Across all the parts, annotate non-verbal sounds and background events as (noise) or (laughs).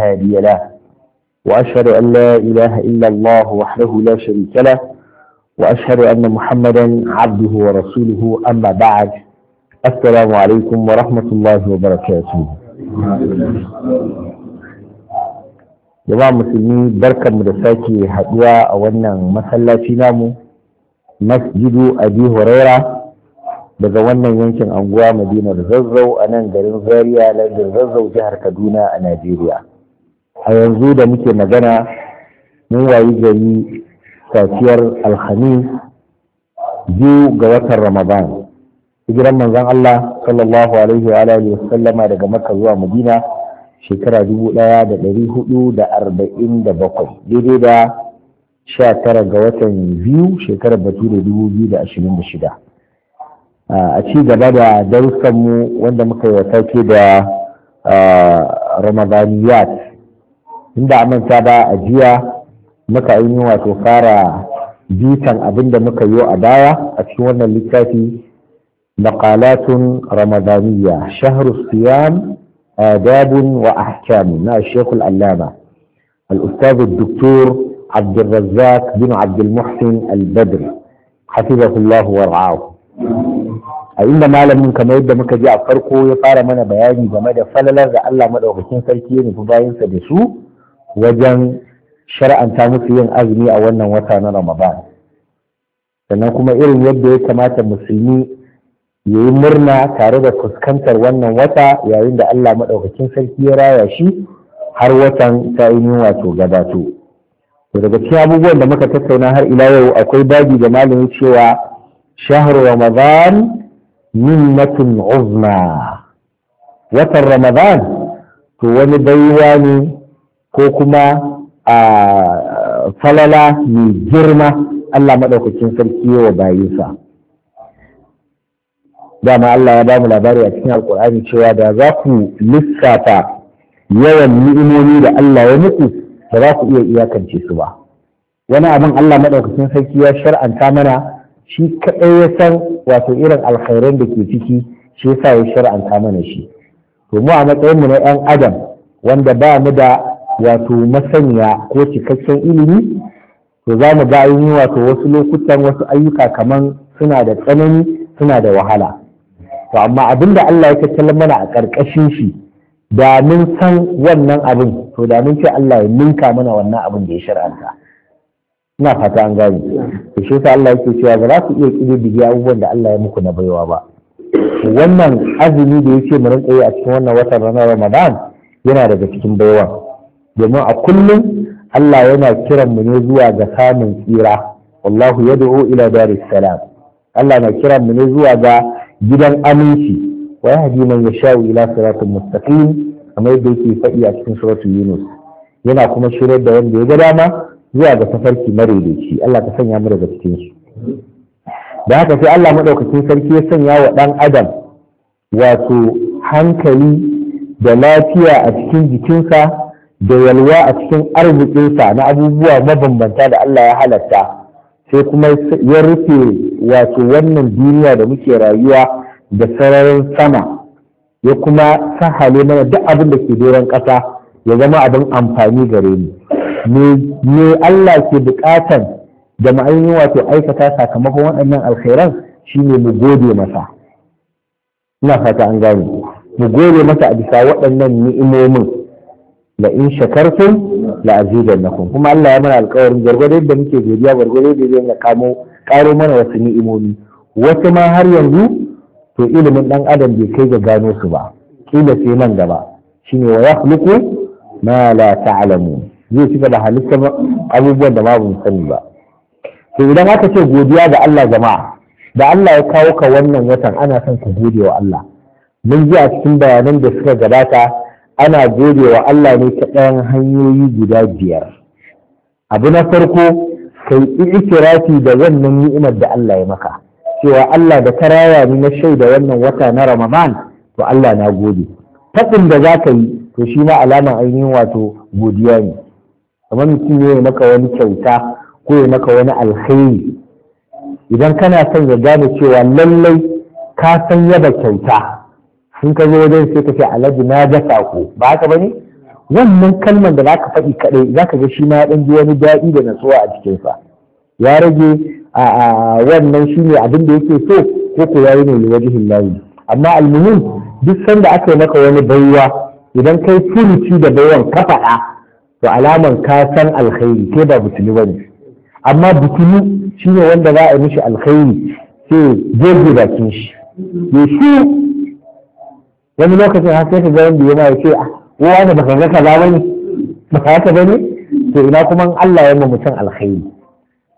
هادي له وأشهد أن لا إله إلا الله وحده لا شريك له وأشهد أن محمدا عبده ورسوله أما بعد السلام عليكم ورحمة الله وبركاته musulmi barkan mu da sake haɗuwa a wannan masallaci namu masjidu abi huraira daga wannan yankin anguwa madinar zazzau a nan garin zaria lardin zazzau jihar kaduna a najeriya a yanzu da muke magana mun wayi gari safiyar alhamis biyu ga watan ramadan hijiran manzon Allah sallallahu alaihi wa alihi wasallama daga Makka zuwa Madina shekara dubu ɗaya da arba'in da daidai da sha tara ga watan biyu shekarar batu dubu biyu da ashirin shida a ci gaba da darussanmu wanda muka yi wa take da ramadaniyat inda a manta ba a jiya muka yi wato fara bitan abinda muka yi a baya a cikin wannan littafi maqalatun ramadaniya shahru siyam آداب وأحكام مع الشيخ العلامة الأستاذ الدكتور عبد الرزاق بن عبد المحسن البدري حفظه الله a inda malamin kamar yadda muka ji a farko ya fara mana bayani game da falalar da Allah madaukakin sarki ya nufi bayansa da su wajen shar'anta musu yin azumi a wannan wata na ramadan sannan kuma irin yadda ya kamata musulmi ya yi murna tare da fuskantar wannan wata yayin da allah maɗaukakin sarki ya raya shi har watan ta yi wato gabato to daga cikin abubuwan da muka tattauna har ila yau akwai babi da malami cewa shahar ramadan minnatin uzma watan ramadan to wani baiwa ne ko kuma a falala mai girma Allah maɗaukakin sarki wa bayinsa dama Allah ya bamu labari a cikin alkur'ani cewa da za ku lissafa yawan ni'imomi da Allah ya muku ba za ku iya iyakance su ba wani abin Allah maɗaukakin sarki ya shar'anta mana shi kaɗai ya san wato irin alkhairan da ke ciki shi yasa ya shar'anta mana shi to mu a matsayinmu na 'yan adam wanda ba mu da wato masaniya ko cikakken ilimi to za mu ga yi wato wasu lokutan wasu ayyuka kaman suna da tsanani suna da wahala to amma abin da Allah ya tattalin mana a ƙarƙashin shi da mun san wannan abin to da mun ce Allah ya ninka mana wannan abin da ya shar'anta ina fata an gane to shi yasa Allah yake cewa ba za ku iya kididdige abubuwan da Allah ya muku na baiwa ba wannan azumi da yake mu rinka yi a cikin wannan watan Ramadan yana daga cikin baiwa domin a kullum Allah yana kiran mu ne zuwa ga samun tsira wallahu yad'u ila daris salam Allah na kiran mu ne zuwa ga gidan aminci wa yahdi man yasha'u ila siratin mustaqim kamar yadda yake faɗi a cikin suratul yunus yana kuma shirar da wanda ya ga dama zuwa ga tafarki maraidaici Allah ka sanya mu daga cikin su da haka sai Allah madaukakin sarki ya sanya wa dan adam wato hankali da lafiya a cikin jikinsa da yalwa a cikin arzikinsa na abubuwa mabambanta da Allah ya halatta sai kuma ya rufe wato wannan duniya da muke rayuwa da sararin sama ya kuma sahale mana duk abin da ke doron ƙasa ya zama abin amfani gare ni. me Allah ke buƙatan da ma'ayin wato aikata sakamakon waɗannan alkhairan shine mu gode masa ina fata an gane mu gode masa a bisa waɗannan ni'imomin la in shakartum la azidannakum kuma Allah ya mana alƙawarin gargwado yadda muke godiya gargwado da zai kamo karo mana wasu ni'imomi wasu ma har yanzu to ilimin dan adam bai kai ga gano su ba kila sai nan gaba shine wa yakhluqu ma la ta'lamu zai ci da halitta abubuwan da babu sani ba to idan aka ce godiya da Allah jama'a da Allah ya kawo ka wannan watan ana son ka gode wa Allah mun ji a cikin bayanan da suka gabata ana gode wa Allah ne ta ɗayan hanyoyi guda biyar abu na farko kai ikirafi da wannan ni'imar da Allah ya maka cewa Allah da karaya ni na shaida wannan wata na Ramadan to Allah na gode faɗin da za ka yi to shi ma alamar ainihin wato godiya ne kamar mutum ne ya maka wani kyauta ko ya maka wani alkhairi idan kana son ya gane cewa lallai ka san yaba kyauta in ka zo wajen sai ka ce alhaji na ga sako ba haka bane wannan kalman da zaka faɗi za zaka ga shi ma ya dan ji wani daɗi da natsuwa a cikin sa ya rage a wannan shine abin da yake so ko ko yayi ne wajen lahi amma almuhim duk sanda aka yi maka wani baiwa idan kai furuci da baiwan ka faɗa to alaman ka san alkhairi kai ba butulu bane amma shi shine wanda za a yi mishi alkhairi sai zai bakin shi ya shi wani lokacin har sai ka ga wanda yana ya ce ah, wa da baka ga kaza bane baka haka to ina kuma Allah ya mutum alkhairi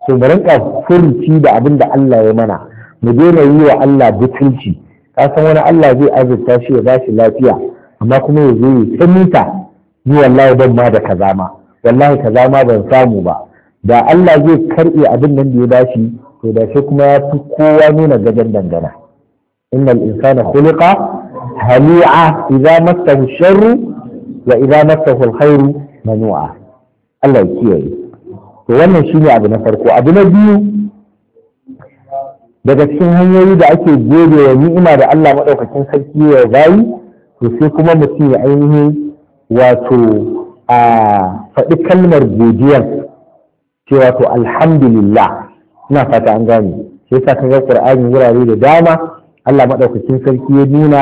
to bari ka furuci da abin da Allah ya mana mu daina yi wa Allah butulci ka san wani Allah zai azurta shi ya bashi lafiya amma kuma ya zo ya ta mita ni wallahi ban ma da kaza ma wallahi kaza ma ban samu ba da Allah zai karɓe abin nan da ya bashi to da shi kuma ya fi kowa nuna gajen dangana innal insana khuliqa hani'a idza massahu sharru wa idza massahu alkhairu Allah ya kiyaye to wannan shine abu na farko abu na biyu daga cikin hanyoyi da ake gobe wa ni'ima da Allah maɗaukakin sarki ya bayi to sai kuma mutum ya ainihin wato a faɗi kalmar godiyar cewa wato alhamdulillah ina fata an gane sai yasa kaga Qur'ani wurare da dama Allah maɗaukakin sarki ya nuna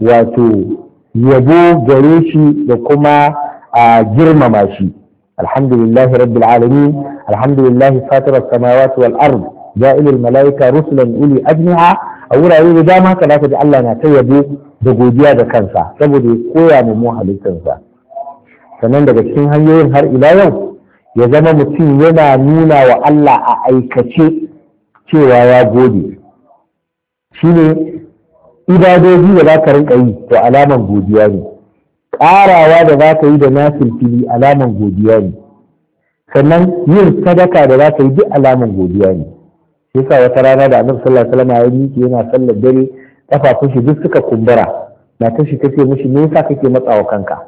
wato yabo gare shi da kuma a girmama shi alhamdulillahi rabbil alamin alhamdulillahi fatirar samawati wal ard ja'ilul malaika rusulan uli ajniha a wurare da dama haka zaka ji Allah na ta yabo da godiya da kansa saboda ya koya mu mu halittarsa sannan daga cikin hanyoyin har ila yau ya zama mutum yana nuna wa Allah a aikace cewa ya gode shine ibadoji da za ka rinka yi to alaman godiya ne ƙarawa da za ka yi da nasir fili alaman godiya ne sannan yin sadaka da za ka yi duk alaman godiya ne shi yasa wata rana da annabi sallallahu alaihi wasallam ya miki yana sallar dare kafafun shi duk suka kumbura matar shi ce mishi me yasa kake matsawa kanka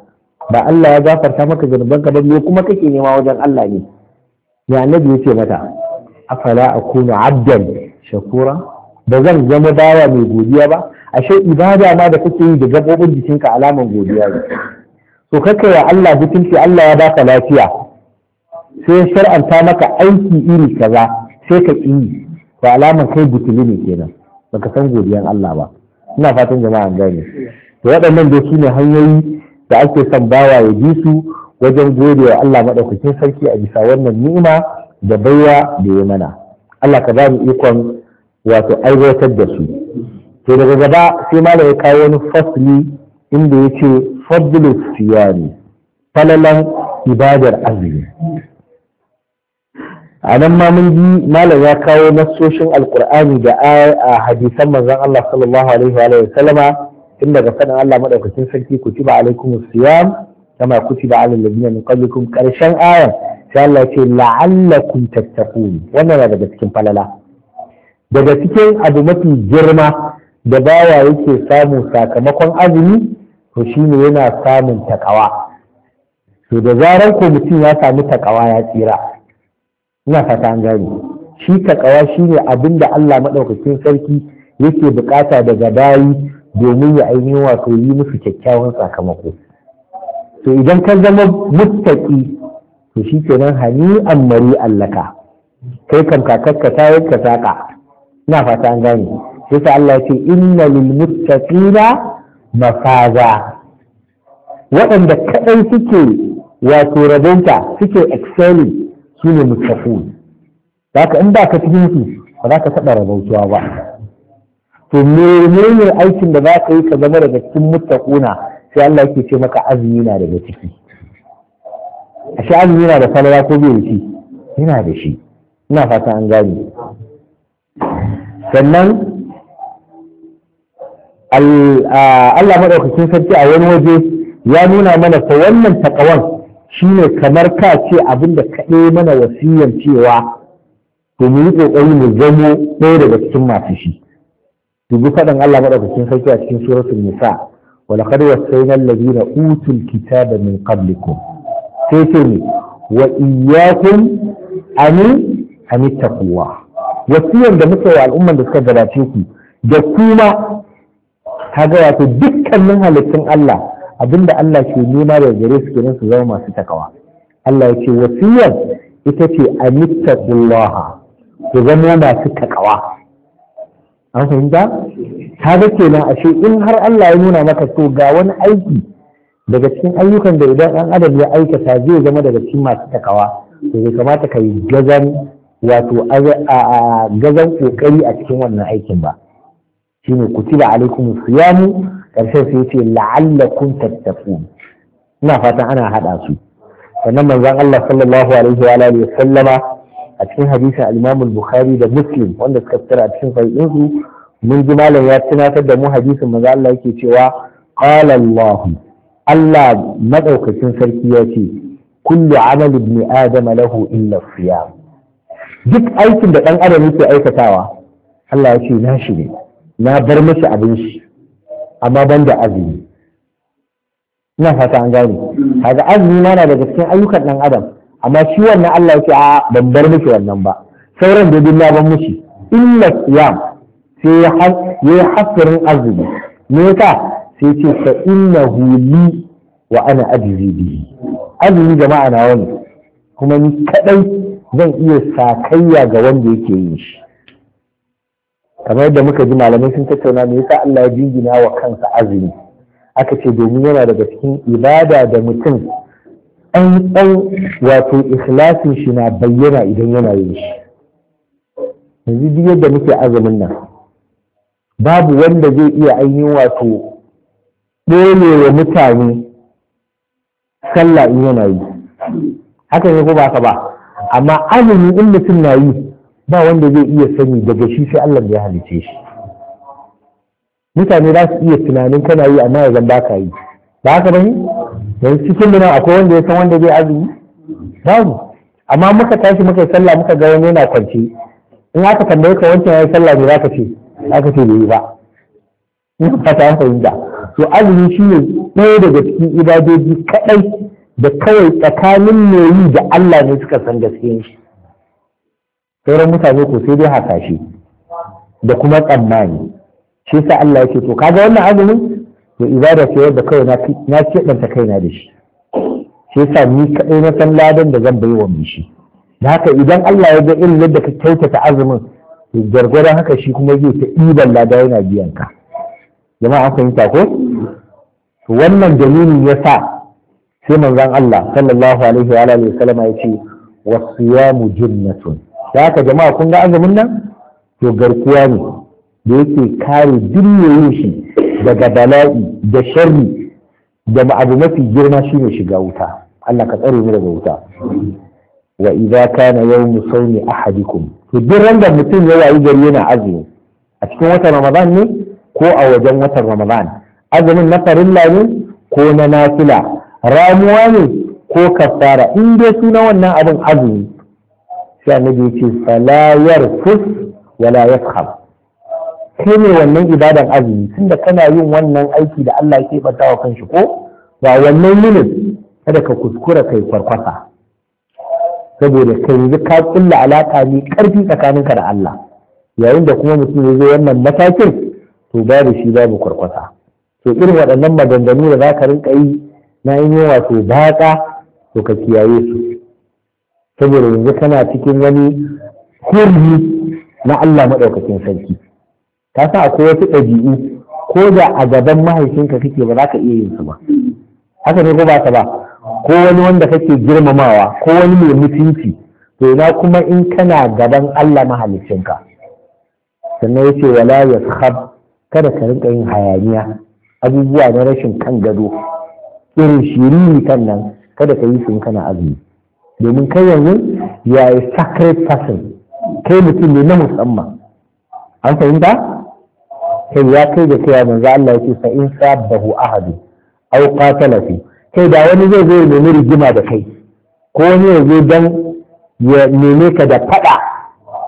ba Allah ya gafarta maka zanubanka ba me kuma kake nema wajen Allah ne ya annabi yace mata afala akunu abdan shakura ba zan zama bawa mai godiya ba ashe ibada ma da kake yi da gabobin jikinka alaman godiya ne to kake wa Allah hukunci Allah ya baka lafiya sai ya shar'anta maka aiki iri kaza sai ka yi to alaman kai butuli ne kenan baka san godiyan Allah ba ina fatan jama'a an gane to waɗannan dai sune hanyoyi da ake son bawa ya ji su wajen gode wa Allah madaukakin sarki a bisa wannan ni'ima da baiwa da ya mana Allah ka ba mu ikon wato aiwatar da su to daga gaba sai malam ya kawo wani fasli inda ya ce fadlu siyami falalan ibadar azumi a nan ma mun ji malam ya kawo nassoshin alkur'ani da a hadisan manzon Allah sallallahu alaihi wa sallama daga faɗin Allah madaukakin sarki kutiba alaikum siyam kama kutiba alal ladina min qablikum karshen ayan sai Allah ce la'allakum tattaqun wannan na daga cikin falala daga cikin abu mafi girma da bawa yake samu sakamakon azumi to shine yana samun takawa to da zarar ko mutum ya samu takawa ya tsira ina fata an gani shi takawa shine abin da Allah maɗaukacin sarki yake bukata daga bayi domin ya ainihin wato yi musu kyakkyawan sakamako to idan ka zama muttaki to shi kenan hani an mari allaka kai kan kakakka ta yi saka ina fata an gane Sai Allah ya ce inna lil muttaqina mafaza waɗanda kaɗai suke wato rabonta suke exceli su ne mutaqun in ba ka cikin su ba za ka taɓa rabautuwa ba to menene aikin da za ka yi ka zama daga cikin muttaquna sai Allah yake ce maka azumi na daga ciki ashe azumi yana da falala ko bai da shi yana da shi ina fata an gane sannan Allah maɗaukakin sarki a wani waje ya nuna mana ta wannan takawan shine kamar ka ce abin da kaɗe mana wasiyan cewa to mu yi ƙoƙari mu zamo ɗaya daga cikin masu shi dubi faɗin Allah maɗaukakin sarki a cikin suratul nisa ولقد utul الذين أوتوا الكتاب Sai قبلكم ne, وإياكم أن أن اتقوا الله Wasiyan da muka wa al'umman da suka gabace ku da kuma kaga wato dukkanin halittun Allah abinda Allah ke nema da gare su kenan su zama masu takawa Allah ya ce wasiyar ita ce anittaqullaha ku zama masu takawa an fahimta kaga kenan ashe in har Allah ya nuna maka to ga wani aiki daga cikin ayyukan da idan ɗan adam ya aikata zai zama daga cikin masu takawa to bai kamata ka yi gazan wato a gazan kokari a cikin wannan aikin ba shine kutiba alaikum siyamu karshe sai yace la'allakum tattaqun ina fatan ana hada su sannan manzon Allah sallallahu alaihi wa alihi sallama a cikin hadisin al-Imam al-Bukhari da Muslim wanda suka tsara a cikin sahihin mun ji malam ya tunatar da mu hadisin manzon Allah yake cewa qala Allah Allah madaukakin sarki ya ce kullu amal ibn adam lahu illa siyam duk aikin da dan adam yake aikatawa Allah ya ce na shi ne na bar miki abin shi amma ban da azumi ina fata an gane kaga azumi ma na daga cikin ayyukan ɗan adam amma shi wannan Allah yake a ban bar miki wannan ba sauran da duk na ban miki. illa siyam sai ya yi azumi me ka? sai ce fa innahu li wa ana ajzi bihi azumi jama'a na wani kuma ni kadai zan iya sakayya ga wanda yake yin shi kamar da muka ji malamai sun tattauna me yasa Allah ya jingina wa kansa azumi aka ce domin yana daga cikin ibada da mutum an ɗan wato ikhlasin shi na bayyana idan yana yin shi yanzu duk yadda muke azumin nan babu wanda zai iya ainihin wato ɗole wa mutane sallah in yana yi haka ne ko ba ka ba amma azumi in mutum na yi ba wanda zai iya sani daga shi sai Allah ya halice shi mutane za su iya tunanin kana yi amma yanzu ba ka yi ba haka bane dan cikin nan akwai wanda ya san wanda zai azumi babu amma muka tashi muka sallah muka ga wani yana kwance in aka tambaye ka wancan yayi sallah ne zaka ce zaka ce bai ba In fata an fahimta to azumi shi ne ɗaya daga cikin ibadoji kaɗai da kawai tsakanin mai yi da Allah ne suka san gaskiyar shi sauran mutane ko sai dai hasashe da kuma tsammani shi sa Allah yake to kaga wannan azumin to ibada ce da kawai na keɓanta kaina da shi shi sa ni kaɗai na san ladan da zan bai wa mai shi da haka idan Allah ya ga irin yadda ka kyautata azumin to haka shi kuma zai ta Iban lada yana biyan ka jama'a an fahimta ko to wannan dalili ya sa sai manzon Allah sallallahu alaihi wa alihi wa ya ce wasu ya mu jinnatun da haka jama'a kun ga azumin nan to garkuwa ne da yake kare duk shi daga bala'i da sharri da abu mafi girma ne shiga wuta Allah ka tsare mu daga wuta wa idza kana yawmu sawmi ahadikum to duk randa mutum ya wayi gari yana azumi a cikin watan Ramadan ne ko a wajen watan Ramadan azumin na farilla ne ko na nafila ramuwa ne ko kafara in dai suna wannan abin azumi sai annabi yace fala yarfus wala yafkham kai ne wannan ibadan azumi tunda kana yin wannan aiki da Allah yake bata wa kanshi ko ba wannan yinin kada ka kuskura kai kwarkwasa saboda kai yanzu ka kulla alaka ne karfi tsakaninka da Allah yayin da kuma mutum ya zo wannan matakin to babu shi babu kwarkwasa to irin waɗannan maganganu da za ka rinka yi na yin yawa to baka to ka kiyaye su saboda yanzu kana cikin wani hurri na Allah maɗaukakin sarki ka sa akwai wasu ɗabi'u ko da a gaban mahaifinka kake ba za ka iya yin su ba haka ne ko ba ka ba ko wani wanda kake girmamawa ko wani mai mutunci to ina kuma in kana gaban Allah mahalicinka sannan yace wala yaskhab kada ka rinka yin hayaniya abubuwa na rashin kan gado irin shiriri kan nan kada ka yi sun kana azumi domin kai yanzu ya yi sacred person kai mutum ne na musamman an fahimta kai ya kai da kai manzo Allah yake fa in sabahu ahadu aw qatala fi kai da wani zai zo ya nemi rigima da kai ko wani ya zo dan ya neme ka da fada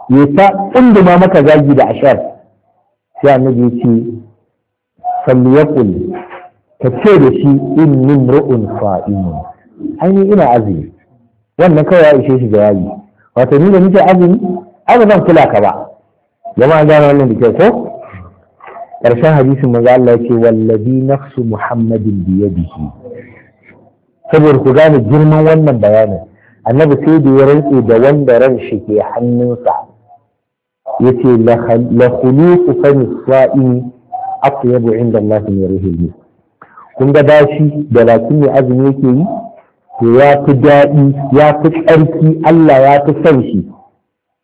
ya ta tsunduma maka zagi da ashar sai annabi ya falyakul ka ce da shi inni mru'un fa'imun ai ina azumi wannan kawai ya ishe shi jawabi wato ni da nake azumi ai ba zan kula ka ba jama'a gano wannan da kyau ko ƙarshen hadisin maza Allah ce wallabi nafsu muhammadin biyadihi saboda ku gane girman wannan bayanin annabi sai da ya rantse da wanda ran shi ke hannunsa yace la khuluqu fani sa'i atyabu inda Allah min rihihi kun ga dashi da lakin ne azumi yake yi ko ya fi daɗi ya fi tsarki Allah ya fi son shi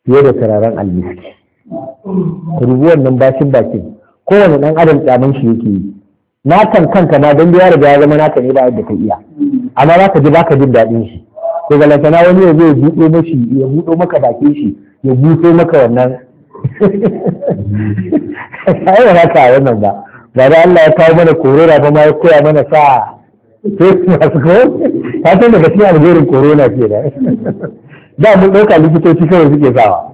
fiye da turaren almiski rubu wannan bashin bakin kowane ɗan adam tsamin shi yake yi na kan kanka ma don biya da zama naka ne ba yadda ka iya amma za ka ji ba ka jin daɗin shi ko lantana wani ya zai buɗo mashi ya buɗo maka bakin shi ya buɗo maka wannan (laughs) ai ba ka wannan ba ba da Allah ya kawo mana korora ba ma ya koya mana sa'a masu kawo ta san daga cikin alherin corona ke da da mun ɗauka likitoci kawai suke sawa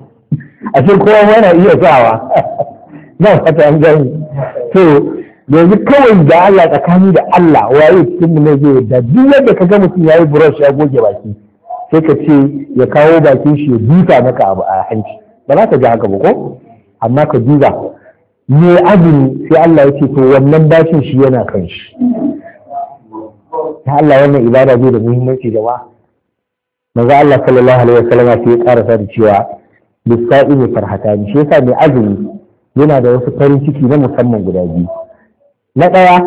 a cikin kowa yana iya sawa na fata an gani to yanzu kawai da Allah tsakani da Allah waye cikin mu ne zai yadda. duk yadda ka ga mutum yayi brush ya goge baki sai ka ce ya kawo bakin shi ya duka maka abu a hanci ba za ka ji haka ba ko amma ka duba me azumi sai Allah ya ce to wannan bashin shi yana kan shi ta Allah wannan ibada bai da muhimmanci jama'a manzo Allah sallallahu alaihi wasallam sai ya karasa da cewa lissa'i ne farhatani shi yasa mai azumi yana da wasu farin ciki na musamman guda biyu na ɗaya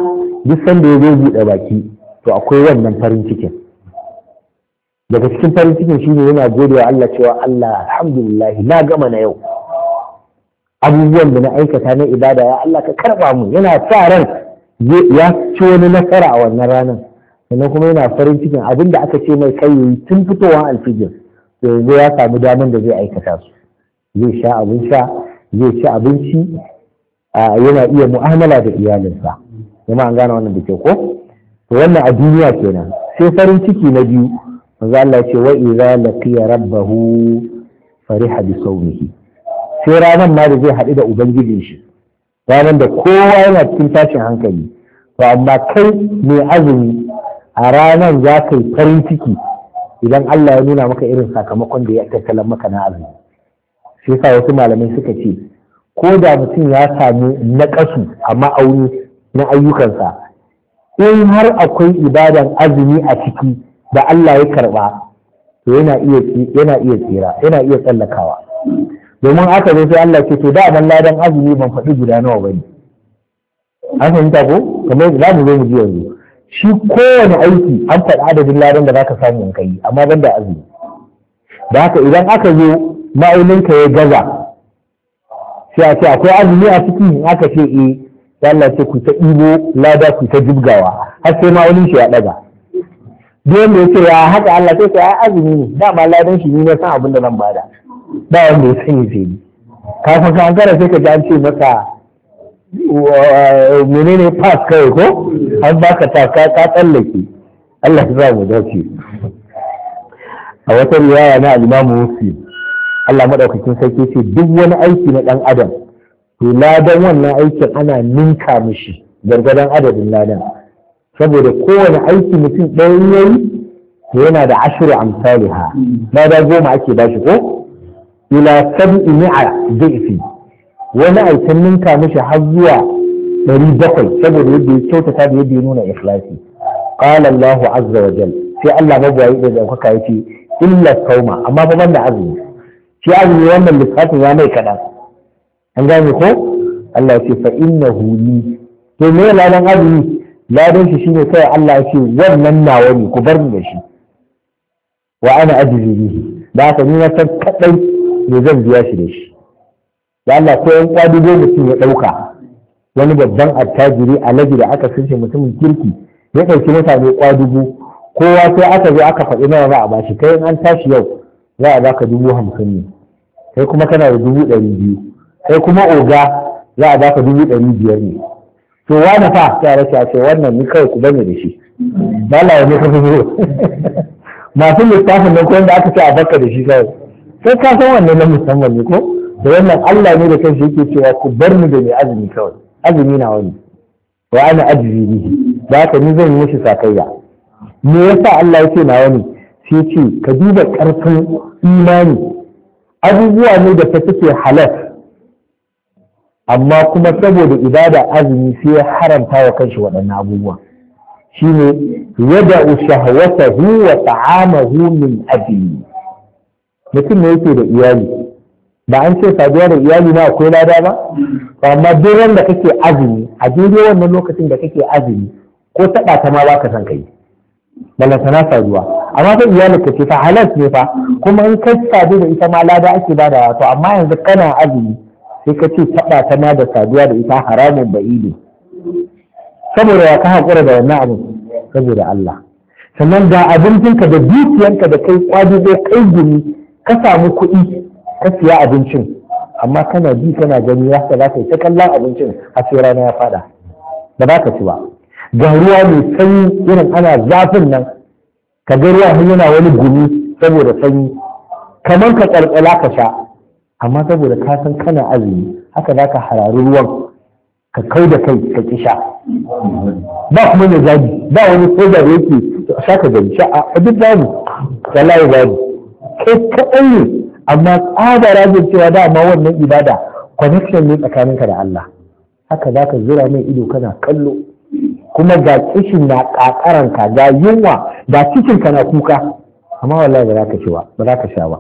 duk sanda ya zo buɗe baki to akwai wannan farin cikin daga cikin farin cikin shine yana godewa Allah cewa Allah alhamdulillah na gama na yau abubuwan da na aikata na ibada ya Allah ka karba mu yana sa ran ya ci wani nasara a wannan ranar sannan kuma yana farin cikin abin da aka ce mai kai yayi tun fitowar alfijir to yanzu ya samu daman da zai aikata su zai sha abin sha zai ci abinci yana iya mu'amala da iyalinsa kuma an gane wannan da ke ko to wannan a duniya kenan sai farin ciki na biyu manzo Allah ce wa idza laqiya rabbahu fariha bi sawmihi sai ranar ma da zai haɗu da ubangijin shi ranar da kowa yana cikin tashin hankali to amma kai mai azumi a ranar za ka yi farin ciki idan Allah ya nuna maka irin sakamakon da ya tattalin maka na azumi. shi yasa wasu malamai suka ce ko da mutum ya samu naƙasu a ma'auni na ayyukansa in har akwai ibadan azumi a ciki da Allah ya karɓa to yana iya tsira yana iya tsallakawa domin aka zo sai Allah ce to da ban ladan azumi ban faɗi guda nawa bane an fahimta ko kamar za mu zo mu ji yanzu shi kowane aiki an faɗi adadin ladan da zaka samu in kai amma ban da azumi da haka idan aka zo ka ya gaza sai a ce akwai azumi a ciki in aka ce e. Eh, Yalla ce ku ta ɗibo lada ku ta jibgawa har sai ma'aunin shi ya ɗaga duk wanda ya ce ya haka Allah sai sai ai azumi ne dama ladan shi ni na san abin da zan bada ba wanda ya sani sai kafin ka an sai ka ji an ce maka menene pass kawai ko an baka taka ka tsallake Allah ya za mu dace a wata riwaya na al-Imam Muslim Allah madaukakin sarki ce duk wani aiki na dan adam to ladan wannan aikin ana ninka mishi gargadan adadin ladan saboda kowane aiki mutum ɗaya yayi yana da ashiru amsaliha lada goma ake bashi ko ila sab'i mi'a dhifi wani aikin ninka mishi har zuwa ɗari bakwai saboda yadda ya kyautata da yadda ya nuna ikhlasi qala Allahu azza wa jal sai Allah mabuwayi da daukaka yace illa tauma. amma fa banda azumi shi azumi wannan lissafin ya mai kaɗan an gane ko Allah ya ce fa innahu li to me ladan azumi ladan shi shine kai Allah ya ce wannan nawa ne ku bar ni da shi wa ana ajri bihi da haka ni na san kadai ne zan biya shi da shi da Allah ko yan kwadugo mutum ya ɗauka wani babban attajiri alaji da aka sace mutumin kirki ya ɗauki mutane kwadugo kowa sai aka zo aka faɗi nawa za a bashi kai in an tashi yau za a baka dubu hamsin ne kai kuma kana da dubu ɗari biyu kai kuma oga za a baka dubu ɗari biyar ne to wani fa ya a ce wannan ni kawai ku bane da shi ba la ne kafin fi masu littafin nan ko da aka ce a baka da shi kawai sai ka san wannan na musamman ne ko da wannan Allah ne da kansa yake cewa ku bar ni da mai azumi kawai azumi na wani wa ana ajizi bihi da haka ni zan yi mishi sakayya me yasa Allah yake na wani sai ce ka duba karfin imani abubuwa ne da ta suke halal amma kuma saboda ibada azumi sai ya haramta wa kanshi waɗannan abubuwa shine yada shahwatahu wa ta'amahu min ajli mutum ne yake da iyali ba an ce saduwa da iyali na akwai lada ba amma doron da kake azumi a daidai wannan lokacin da kake azumi ko taɓa ta ma baka san kai balantana saduwa amma sai iyali ka ce ta halas ne fa kuma in kai sadu da ita ma lada ake ba da to amma yanzu kana azumi sai ka ce taɓa ta ma da saduwa da ita haramun ido saboda ya ka haƙura da wannan abin saboda Allah sannan da abincinka da dukiyanka da kai kwaji ko kai gumi ka samu kuɗi ka siya abincin amma kana ji kana gani ya za ka yi ta kallon abincin a sai rana ya fada ba za ka ci ba ga ruwa mai sanyi irin ana zafin nan ka ga ruwa yana wani gumi saboda sanyi kamar ka ƙarƙala ka sha amma saboda ka san kana azumi haka za ka harari ruwan ka kai da kai ka ki sha ba kuma ne zabi ba wani soja da yake sha ka gani sha a duk babu wallahi babu kai kaɗan ne amma tsada cewa dama wannan ibada connection ne tsakaninka da Allah haka za ka zura mai ido kana kallo kuma ga kishin na kakaranka ga yunwa ga cikinka na kuka amma wallahi ba za ka ci ba za ka sha ba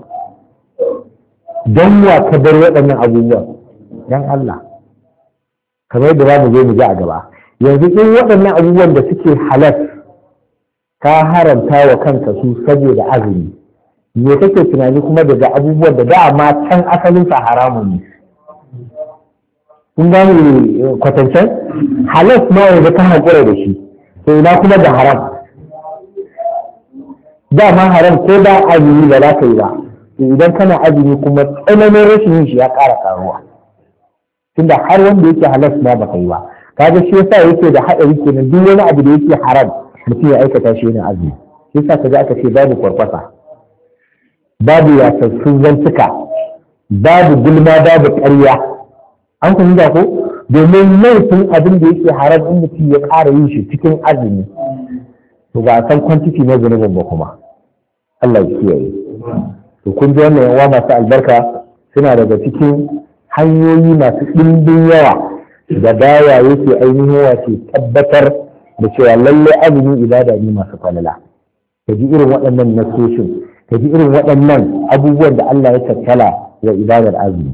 don wa ka bar waɗannan abubuwan dan Allah kamar da za mu zo mu ji a gaba yanzu in waɗannan abubuwan da suke halal ka haramta wa kanka su saboda azumi me kake tunani kuma daga abubuwan da dama can asalin sa haramun ne kun gane kwatancen halas ma yanzu ka haƙura da shi to ina kuma da haram dama haram ko da azumi ba za ka yi ba idan kana azumi kuma tsananin rashin yin shi ya ƙara karuwa tunda har wanda yake halas ma ba ka yi ba kaga shi yasa yake da haɗari kenan duk wani abu da yake haram mutum ya aikata shi yana azumi shi yasa kaga aka ce babu kwarkwasa babu yasassun zantuka babu gulma babu ƙarya an fahimta ko domin laifin abin da yake haram in mutum ya ƙara yin shi cikin azumi to ba a san kwantiti na zunubin ba kuma Allah ya kiyaye to kun ji wannan yawa masu albarka suna daga cikin hanyoyi masu ɗimbin yawa da baya yake ainihin wace tabbatar da cewa lallai azumi ibada ne masu falala ka ji irin waɗannan nasoshin ka ji irin waɗannan abubuwan da Allah ya tattala wa ibadar azumi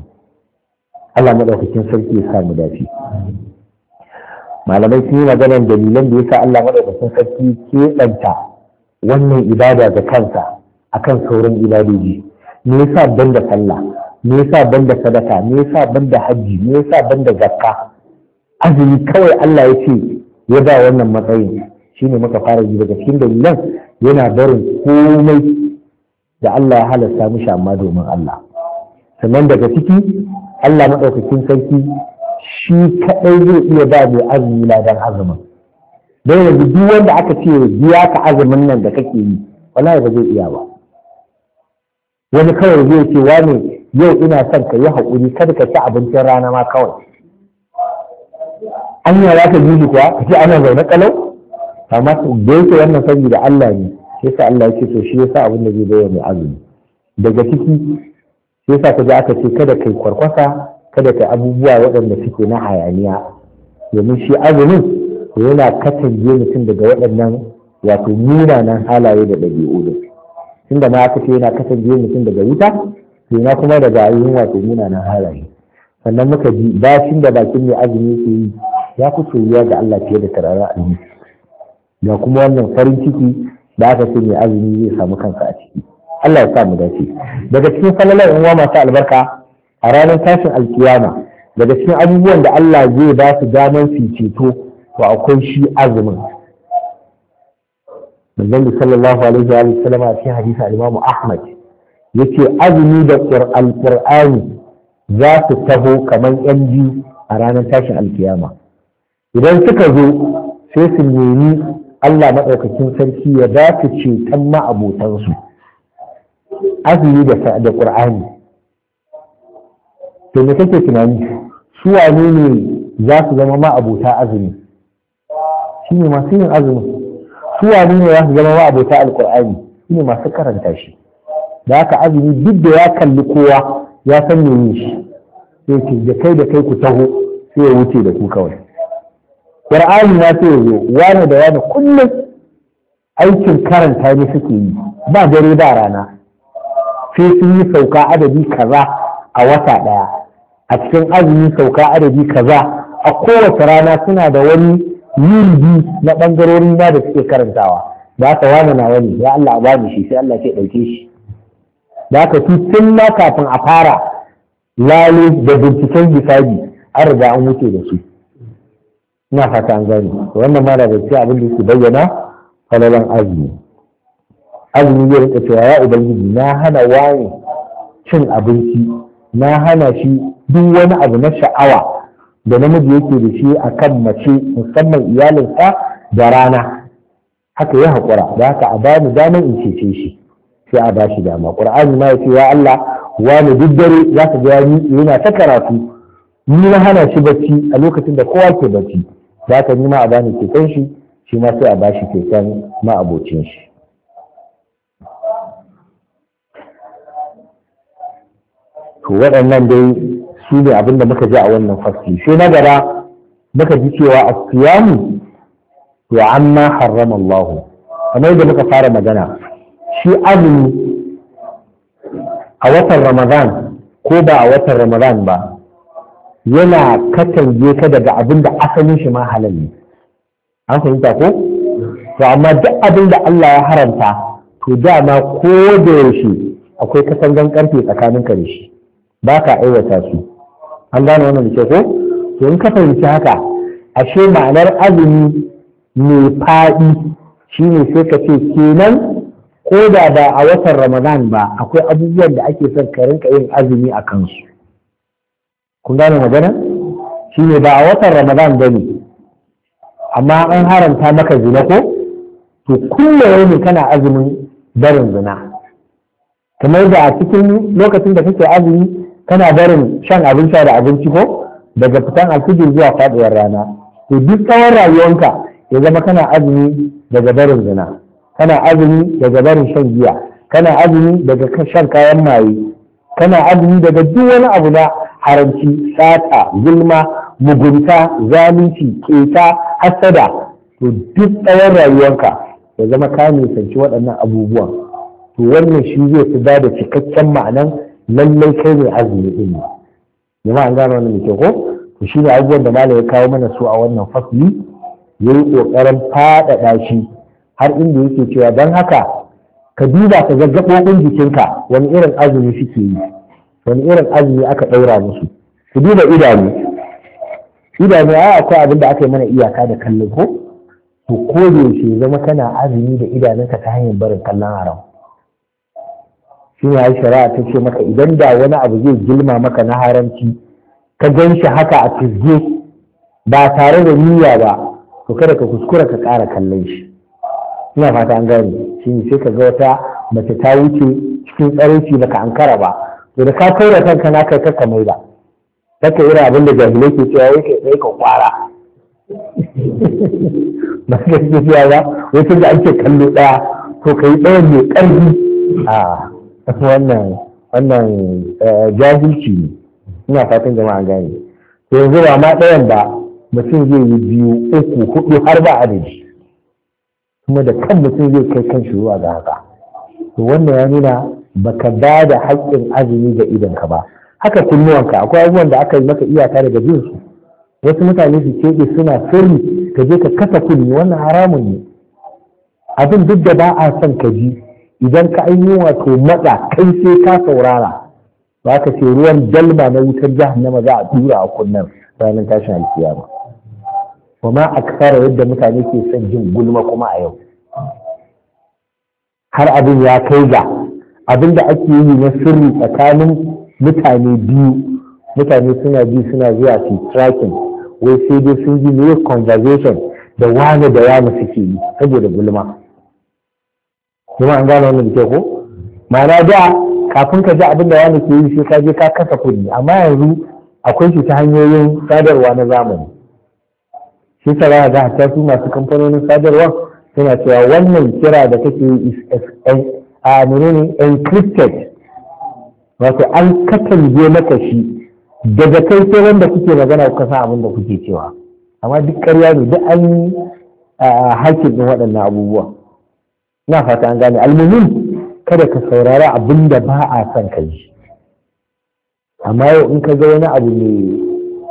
Allah maɗaukakin sarki ya samu dafi malamai sun yi maganar dalilan da yasa Allah maɗaukakin sarki ɗanta wannan ibada ga kansa akan sauran ibadoji me yasa ban da sallah me yasa ban da sadaka me yasa ban da hajji me yasa ban da zakka azumi kawai Allah ya ce ya ba wannan matsayin shine muka fara yi daga cikin dalilan yana barin komai da Allah ya halasta mishi amma domin Allah sannan daga ciki Allah maɗaukakin sarki shi kaɗai zai iya ba mai azumi ladan azumin don yanzu duk wanda aka ce biya ka azumin nan da kake yi wallahi ba zai iya ba wani kawai zai ce wani yau ina son ka yi haƙuri kada ka ci abincin rana ma kawai an yi za ka kuwa ka ce ana zaune kalau amma da yake wannan da Allah ne yasa Allah yake so shi yasa abin da zai bayar mai azumi daga ciki yasa ka ji aka ce kada kai kwarkwasa kada kai abubuwa waɗanda suke na hayaniya domin shi azumin yana katange mutum daga waɗannan wato munanan halaye da ɗabi'u da tunda ma aka ce yana katange mutum daga wuta to na kuma daga ayyukan wato munanan halaye sannan muka ji bashin da bakin mai azumi ke yi ya fi soyuwa ga Allah fiye da tarara alheri ga kuma wannan farin ciki da aka ce mai azumi zai samu kansa a ciki Allah ya sa mu dace daga cikin falalar in masu albarka a ranar tashin alkiyama daga cikin abubuwan da Allah zai ba su damar su ceto to akwai shi azumin manzon sallallahu alaihi wa sallam a cikin hadisi al-Imam Ahmad yace azumi da Qur'ani za su taho kamar yan biyu a ranar tashin alkiyama idan suka zo sai su nemi Allah maɗaukakin sarki ya dace su ma'abotansu azumi da ƙur'ani to me kake tunani su wane ne za su zama ma'abota azumi shi ne masu yin azumi su wane ne za su zama ma'abota alƙur'ani shi ne masu karanta shi da haka azumi duk da ya kalli kowa ya san me yin shi sai ce da kai da kai ku taho sai ya wuce da ku kawai Kur'ani na ce zo wani da wani kullum aikin karanta ne suke yi ba dare ba rana sai sun yi sauka adadi kaza a wata daya a cikin azumi sauka adadi kaza a kowace rana suna da wani yurbi na bangarorin ba da suke karantawa da aka wani na wani ya Allah ba shi sai Allah ce dauke shi da aka tun ma kafin a fara lalo da binciken bisagi an riga an wuce da su ina fata an gani wannan ma da gaskiya abin da yake bayyana falalan azumi azumi ya rika cewa ya ubangiji na hana wani cin abinci na hana shi duk wani abu na sha'awa da namiji yake da shi a kan mace musamman iyalinsa da rana haka ya haƙura da haka a bani damar in cece shi sai a bashi dama ƙur'ani ma ya ce ya Allah wani duk dare za ka ga yana ta karatu ni na hana shi bacci a lokacin da kowa ke bacci za ka nima a bani keken shi shi ma sai a bashi ma ma'abocin shi to waɗannan dai su ne abin da muka ji a wannan fasli sai na gara muka ji cewa a siyamu to amma harrama Allah kamar yadda muka fara magana shi azumi a watan Ramadan ko ba a watan Ramadan ba yana katange ka daga abin da asalin shi ma halal ne an fahimta ko to amma duk abin da Allah ya haramta to dama ko da yaushe akwai katangan karfe tsakanin ka da shi ba ka aiwata su an gane wannan da ko to in ka fahimci haka ashe ma'anar azumi mai faɗi shine sai ka ce kenan ko da ba a watan ramadan ba akwai abubuwan da ake son ka rinka yin azumi a kansu kun gane magana shi ne ba a watan ramadan ba ne amma an haramta maka zina ko to kulle ne kana azumin barin zina kamar da a cikin lokacin da kake azumi kana barin shan abin da abinci ko daga fitan alfijir zuwa faduwar rana to duk tsawon rayuwanka ya zama kana azumi daga barin zina kana azumi daga barin shan giya kana azumi daga shan kayan maye kana azumi daga duk wani abu na haramci sata gulma mugunta zalunci keta hasada to duk tsawon rayuwanka ya zama ka nisanci waɗannan abubuwan to wannan shi zai fi ba da cikakken ma'anan lallai kai ne azumi din ne jama an gano wannan ke ko to shine abubuwan da malam ya kawo mana su a wannan fasli yayi ƙoƙarin faɗaɗa shi har inda yake cewa don haka ka duba ka gaɓoɓin jikinka wani irin azumi suke yi wani irin azumi aka ɗaura musu su duba idanu idanu a akwai abin da aka yi mana iyaka da kallon ko to ko yaushe zama kana azumi da idanunka ta hanyar barin kallon haram shi ne shari'a ta ce maka idan da wani abu zai gilma maka na haramci ka gan shi haka a fizge ba tare da niyya ba to kada ka kuskura ka ƙara kallon shi ina fata an gane shi ne sai ka ga wata mace ta wuce cikin ba ka ankara ba to da ka da kanka na kai kaka mai ba kaka irin abin da jahilai ke cewa yake kai ka kwara (laughs) ba ka ce cewa ba wata da ake kallo ɗaya, to kai daya mai karfi a wannan eh, jahilci ne ina fatan jama'a gani to yanzu ba ma ɗayan ba mutum zai yi biyu uku hudu har ba adadi kuma da kan mutum zai kai kan shi zuwa ga haka to wannan ya nuna baka ba da haƙƙin azumi ga idonka ba haka kunnuwanka akwai abubuwan da aka yi maka iyaka daga jin su wasu mutane su keɓe suna sirri ka je ka kasa kunni wannan haramun ne abin duk da ba a son ka ji idan ka yi wato matsa kai sai ka saurara ba ka ce ruwan dalma na wutar jahannama za a tura a kunnen ranar tashin alkiyama ba ma a yadda mutane ke son jin gulma kuma a yau har abin ya kai ga abin da ake yi na sirri tsakanin mutane biyu mutane suna ji suna zuwa su tracking wai sai dai sun ji ne conversation da wani da wane suke yi saboda gulma kuma an gane wannan da ko ma'ana da kafin ka ji abin da wani ke yi sai ka je ka kasa kuɗi amma yanzu akwai shi ta hanyoyin sadarwa na zamani shi tsara da hatta su masu kamfanonin sadarwa suna cewa wannan kira da kake yi is a menene encrypted wato an katange maka shi daga kai sai wanda kuke magana kuka san abin da kuke cewa amma duk ƙarya ne duk an yi waɗannan abubuwa na fata an gane almuhim kada ka saurari abin da ba a son ka ji amma yau in ka ga wani abu mai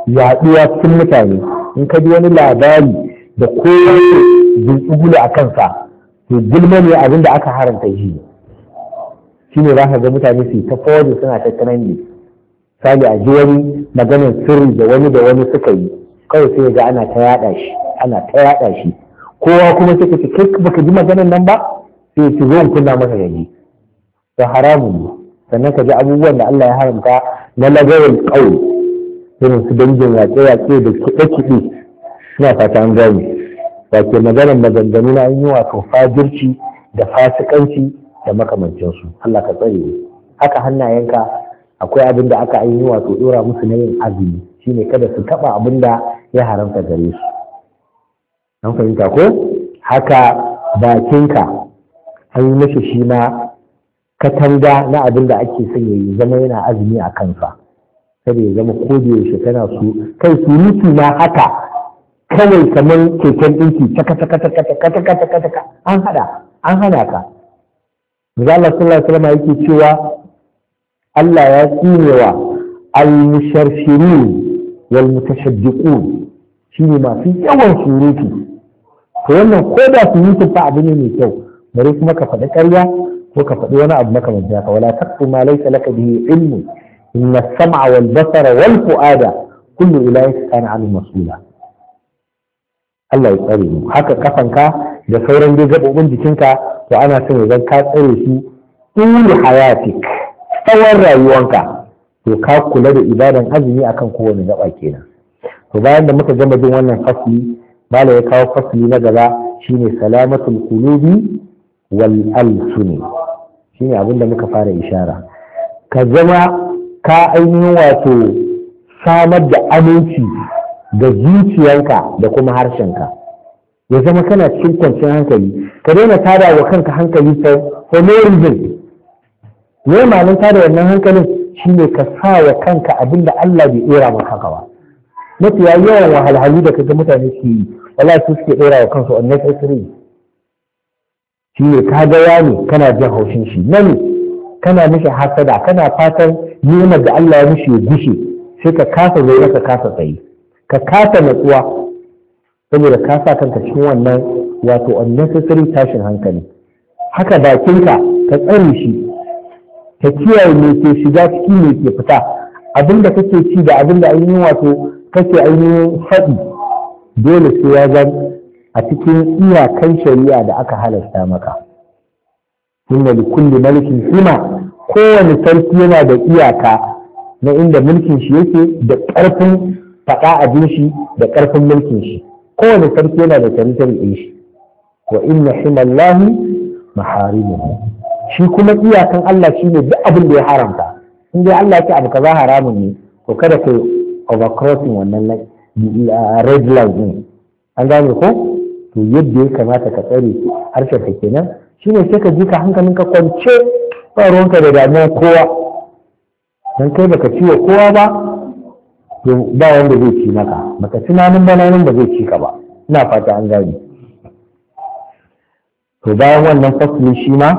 yaɗuwa cikin mutane in ka ji wani labari da kowa bin tsugula a kansa to gulma ne abin da aka haranta shi ne shine za ka ga mutane su ta fodi suna ta ne. sali a ji wani maganar sirri da wani da wani suka yi kawai sai ga ana ta yada shi ana ta yada shi kowa kuma sai ka ce kai baka ji maganar nan ba sai ki zo kunna maka gaji to haramun ne sannan ka ji abubuwan da Allah ya haramta na lagawar kauli irin su dangin yaƙe-yaƙe da kiɗe-kiɗe suna fata an gane ba ke maganar maganganu na yi wato fajirci da fasikanci da makamancinsu Allah ka tsare haka hannayenka akwai abin da aka yi wato dora musu na yin azumi shine kada su taba abin da ya haramta gare su an fahimta ko haka bakinka an yi mashi shi ma katanga na abin da ake son yi zama yana azumi a kansa kada ya zama ko da yaushe kana su kai mutu na haka kawai kamar keken ɗinki taka taka taka taka taka an hada an hana ka Allah sallallahu alaihi yake cewa Allah ya wa al-musharshirin wal mutashaddiqun shine masu yawan surutu to wannan ko da surutu fa abu ne mai kyau bare kuma ka faɗi ƙarya ko ka faɗi wani abu makamancin haka wala taqfu ma laysa laka bihi ilmun inna as-sam'a wal basara wal fu'ada kullu ulaika kana 'anhu mas'ula Allah ya tsare mu haka kafanka da sauran dai jikinka to ana son idan ka tsare shi tul hayatik tsawon rayuwanka to ka kula da ibadan azumi akan kowane gaba kenan to bayan da muka gama jin wannan fasli bala ya kawo fasli na gaba shine salamatul qulubi wal alsuni shine abin da muka fara ishara ka zama ka ainihin wato samar da aminci da zuciyanka da kuma harshenka ya zama kana cikin kwanciyar hankali ka daina tada wa kanka hankali sau honorizm ne malin tada wannan hankalin shine ka sa wa kanka abin da Allah bai dora maka ba mafiya yawan wahalhalu da kaga mutane ke yi wala su suke ɗora wa kansu unnecessary shi ne ka ga yani kana jin haushin shi nan kana mishi hasada kana fatan nemar da Allah ya mishi ya gushe sai ka kasa zo ka kasa tsaye ka kasa natsuwa saboda ka sa kanka cikin wannan wato unnecessary tashin hankali haka bakinka ka tsare shi ka kiyaye me ke shiga ciki me ke fita abinda kake ci da abinda ainihin wato kake ainihin faɗi dole sai ya zan a cikin iyakan shari'a da aka halasta maka inna li kulli malikin hima kowane sarki yana da iyaka na inda mulkin shi yake da ƙarfin faɗa abin shi da ƙarfin mulkin shi kowane sarki yana da taritar ɗin shi wa inna himallahi maharimuhu shi kuma iyakan Allah shi ne duk abin da ya haramta in dai Allah ya ce abu kaza haramun ne to kada ka overcrossing wannan red line din an gane ko to yadda ya kamata ka tsare harshen ka kenan shine sai ka ji ka hankalin ka kwance ba ruwanka da damuwa kowa dan kai baka ciwo kowa ba to ba wanda zai ci maka baka ci nanin bananin ba zai ci ka ba ina fata an gani to bayan wannan fasli shi ma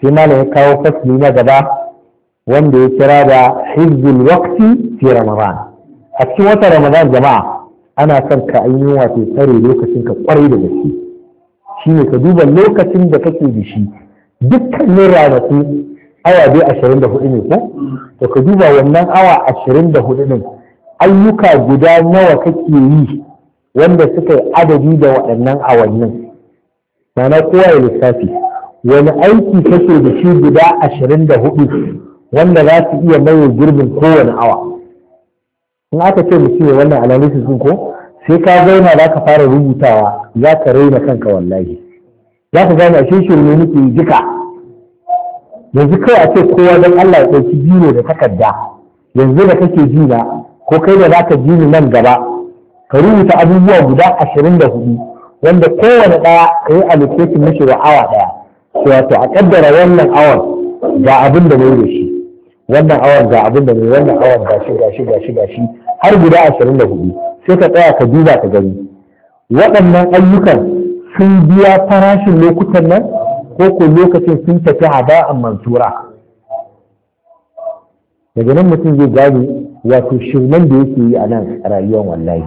sai malam ya kawo fasli na gaba wanda ya kira da hizbul waqti fi ramadan a cikin wata ramadan jama'a ana son ka yi wato tsare lokacin ka kwarai da gaske ne ka duba lokacin da kake da shi dukkanin ranaku awa dai ashirin da ne ko to ka duba wannan awa ashirin da ayyuka guda nawa kake yi wanda suka yi adadi da waɗannan awannin mana kowa ya lissafi wani aiki kake da shi guda ashirin da hudu wanda za su iya maye gurbin kowane awa in aka ce mutum ya wannan analysis din ko sai ka zauna za ka fara rubutawa za ka raina kanka wallahi za ka gane ashe shirme nake duka yanzu kawai a ce kowa don Allah ya ɗauki biyu da takarda yanzu da kake ji na ko kai da za ka ji ni nan gaba ka rubuta abubuwa guda ashirin da hudu wanda kowane ɗaya ka yi allocation mishi da awa ɗaya wato a kaddara wannan awon ga abin da mai da shi wannan awon ga abin da mai wannan awon ga shi ga shi ga shi ga shi har guda ashirin da hudu sai ka tsaya ka duba ka gani waɗannan ayyukan sun biya farashin lokutan nan ko ko lokacin sun tafi haba'an mansura daga nan mutum zai gane wato shirman da yake yi a nan rayuwar wallahi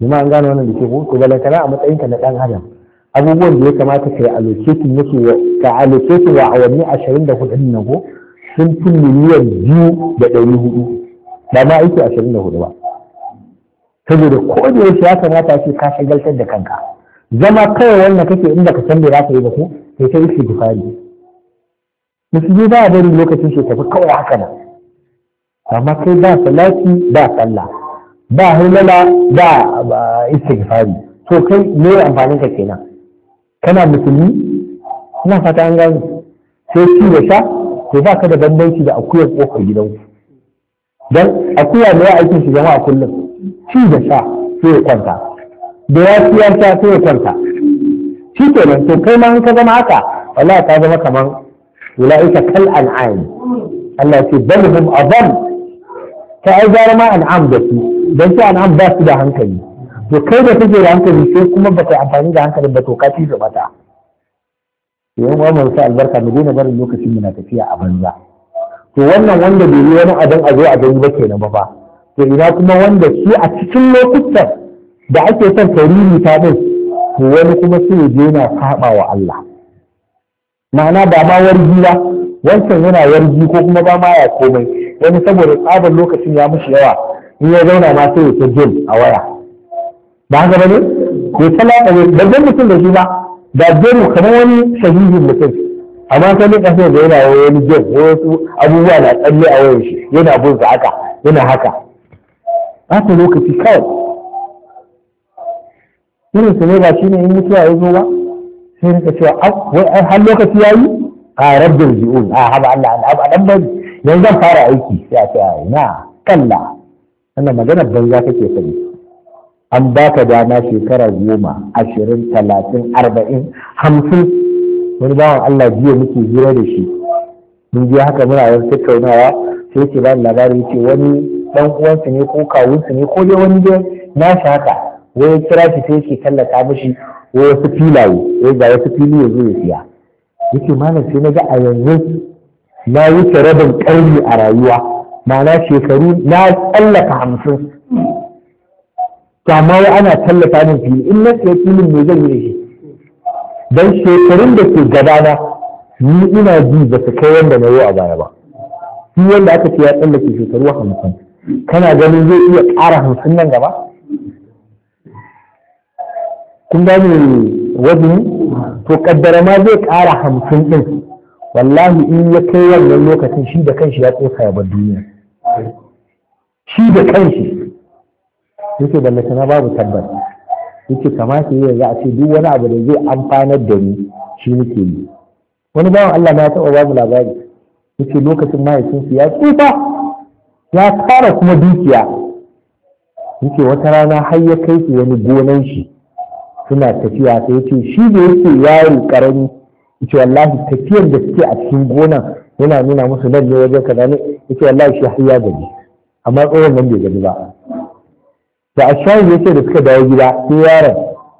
kuma an gane wannan da ke ko na a matsayinka na dan adam abubuwan da ya kamata ka yi allocation yake ka wa awanni ashirin da hudu na ko sun fi miliyan biyu da ɗari hudu ba ma aiki ashirin da hudu ba saboda ko da yaushe ya kamata ce ka shagaltar da kanka zama kawai wannan kake inda ka san me za ka yi ba ko kai ta ishi gifari musulmi ba a bari lokacin shi tafi kawai haka nan amma kai ba salati ba sallah ba hulala ba istighfari to kai me amfanin ka kenan kana musulmi ina fata an gani sai ci da sha to ba ka da bambanci da akuyar kofar gidanku dan akuya ne aikin shi jama'a kullum ci da sha sai ya kwanta da ya ci ya sha sai ya kwanta shi kenan to kai ma in ka zama haka wallahi ka zama kaman ulaika kal an'am Allah ya ce bal hum azam ta ai jarama an'am da su don sai an ba su da hankali to kai da kake da hankali sai kuma ba kai amfani da hankali ba to ka ci su ta. yan uwa mu sa albarka mu daina barin lokacin mu na tafiya a banza to wannan wanda bai yi wani abin a zo a gani ba kenan ba to ina kuma wanda shi a cikin lokutan da ake son tarihi ta din to wani kuma sai ya je saba wa Allah ma'ana ba ma wargi ba wancan yana wargi ko kuma ba ma ya komai wani saboda tsabar lokacin ya mushi yawa in ya zauna ma sai ya ta game a waya ba haka ba ne ya talaka ne zan mutum da shi ba da game kamar wani shahihin mutum amma sai ne kasar da yana wani game wasu abubuwa na tsalle a wayan shi yana bin haka yana haka ba ta lokaci kawai irin su ne ba shi ne in mutuwa ya zo ba sai rika cewa har lokaci ya yi a rabbin ji'un a haɓa Allah a haɓa ɗan bari yanzu zan fara aiki sai a ce a ina kalla ina maganar banza kake sani an baka dama shekara goma ashirin talatin arba'in hamsin wani bawan Allah jiya muke hira da shi mun je haka muna yin tattaunawa sai ce bani labari ce wani dan uwansa ne ko kawunsa ne ko dai wani dai na shi haka wai kira shi sai ke tallata mishi wasu filaye wai ga wasu fili ya zo ya siya yake malam sai na ga a yanzu na wuce rabin ƙarni a rayuwa ma'ana shekaru na tsallaka hamsin to wai ana tallafa min fili in na siya filin ne zan yi shi dan shekarun da ke gabana ni ina ji ba su kai wanda na yi a baya ba shi wanda aka ce ya tsallake shekaru hamsin kana ganin zai iya ƙara hamsin nan gaba kun gane wajen to kaddara ma zai ƙara hamsin din. wallahi in ya kai wannan lokacin shi da kanshi ya tsoka ya bar duniya shi da kanshi yake ballata na babu tabbas yake kamata yi yanzu a ce duk wani abu da zai amfanar da ni shi nake yi wani bawan Allah na taɓa babu labari yake lokacin mahaifinsu ya tsufa ya kara kuma dukiya yake wata rana har ya kai su wani gonan shi suna tafiya sai yace shi da yake yaro karami yace wallahi tafiyar da suke a cikin gonan yana nuna musu nan ne wajen kaza ne yace wallahi shi har ya gaji amma tsohon nan bai gaji ba da ashayi yace da suka dawo gida sai yaron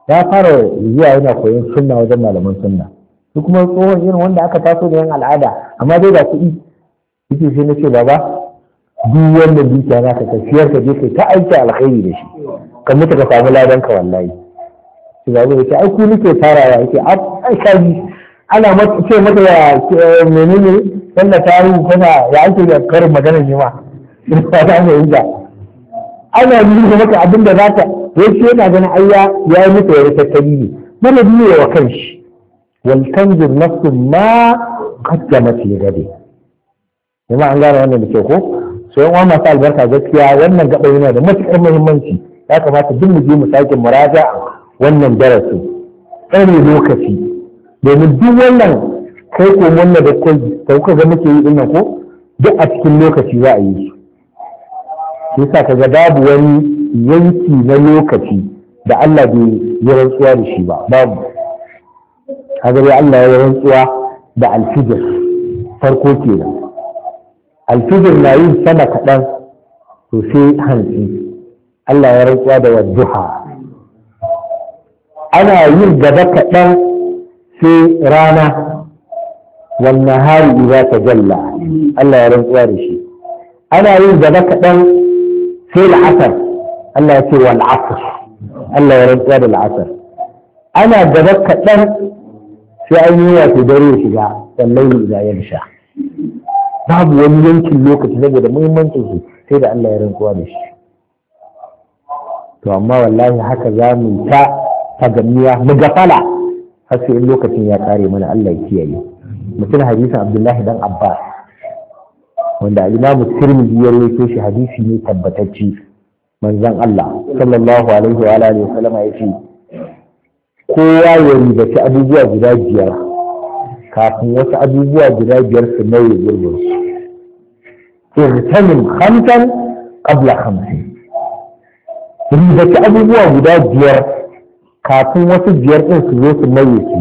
ya fara zuwa yana koyon sunna wajen malaman sunna su kuma tsohon irin wanda aka taso da yan al'ada amma dai ga kuɗi yace sai na ce baba duk wanda dukiya na ka tafiyar ka je kai ta aiki alkhairi da shi Ka mutu ka samu ladan ka wallahi shi ba zai yace ai ku nake farawa yace ai ana ce mata ya eh, menene wannan tarihi kuma ya ake da karin magana ne ma ta ta fahimta ana yi mata abin da za ta ya ce yana ganin ayya ya yi mata wani tattali ne mana biyu wa kan shi wal tanzur nafsu ma qaddamat li gadi kuma an gane wannan da ke ko so yan uwa masu albarka gaskiya wannan gaba yana da matukar muhimmanci ya kamata duk mu je mu sake muraja wannan darasi tsare lokaci domin duk wannan kai ko wannan da kai da kuka ga muke yi din ko duk a cikin lokaci za a yi shi yasa kaga babu wani yanki na lokaci da Allah bai yi rantsuwa da shi ba babu kaga dai Allah ya rantsuwa da alfijir farko kenan alfijir na yin sama kaɗan to sai hantsi Allah ya rantsuwa da wadduha ana yin gaba kaɗan في رانا والنهار إذا تجلى الله يرزق وارشي أنا أريد لك أن في العصر الله يسير العصر الله يرزق وارشي العصر أنا دبك في أي نية دوري شجاع الليل إذا يغشى بعض يمين كلوك تزوج المهم من تزوج في الله يرزق وارشي تو والله هكذا من تا تجميع مقفله har sai in lokacin ya kare mana Allah ya kiyaye mutum hadisin Abdullahi dan Abbas wanda al-Imam Tirmidhi ya rawaito shi hadisi ne tabbatacce manzon Allah sallallahu alaihi wa alihi ya ce kowa ya ribaci abubuwa guda biyar kafin wasu abubuwa guda biyar su nauye gurbin su irtamin khamsan qabla khamsin ribata abubuwa guda biyar kafin wasu biyar ɗin su zo su maye su